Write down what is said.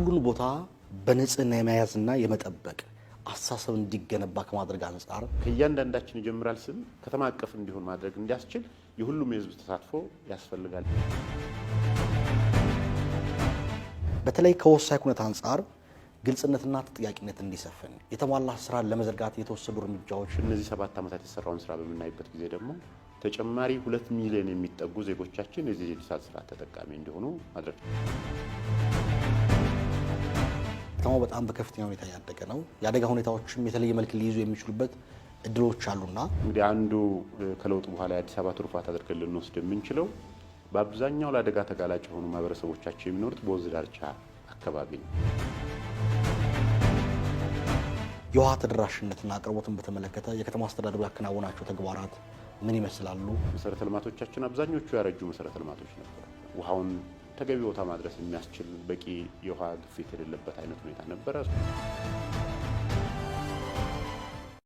ሁሉን ቦታ በንጽህና የመያዝና የመጠበቅ አስተሳሰብ እንዲገነባ ከማድረግ አንጻር ከእያንዳንዳችን ይጀምራል ስል ከተማ አቀፍ እንዲሆን ማድረግ እንዲያስችል የሁሉም የህዝብ ተሳትፎ ያስፈልጋል። በተለይ ከወሳኝ ኩነት አንጻር ግልጽነትና ተጠያቂነት እንዲሰፍን የተሟላ ስራ ለመዘርጋት የተወሰዱ እርምጃዎች እነዚህ ሰባት ዓመታት የሰራውን ስራ በምናይበት ጊዜ ደግሞ ተጨማሪ ሁለት ሚሊዮን የሚጠጉ ዜጎቻችን የዚህ የዲጂታል ስርዓት ተጠቃሚ እንዲሆኑ ማድረግ ከተማው በጣም በከፍተኛ ሁኔታ ያደገ ነው። የአደጋ ሁኔታዎችም የተለየ መልክ ሊይዙ የሚችሉበት እድሎች አሉና እንግዲህ አንዱ ከለውጥ በኋላ የአዲስ አበባ ትሩፋት አድርገን ልንወስድ የምንችለው በአብዛኛው ለአደጋ ተጋላጭ የሆኑ ማህበረሰቦቻቸው የሚኖሩት በወንዝ ዳርቻ አካባቢ ነው። የውሃ ተደራሽነትና አቅርቦትን በተመለከተ የከተማ አስተዳደሩ ያከናወናቸው ተግባራት ምን ይመስላሉ? መሰረተ ልማቶቻችን አብዛኞቹ ያረጁ መሰረተ ልማቶች ነበር። ውሃውን ተገቢ ቦታ ማድረስ የሚያስችል በቂ የውሃ ግፊት የሌለበት አይነት ሁኔታ ነበረ።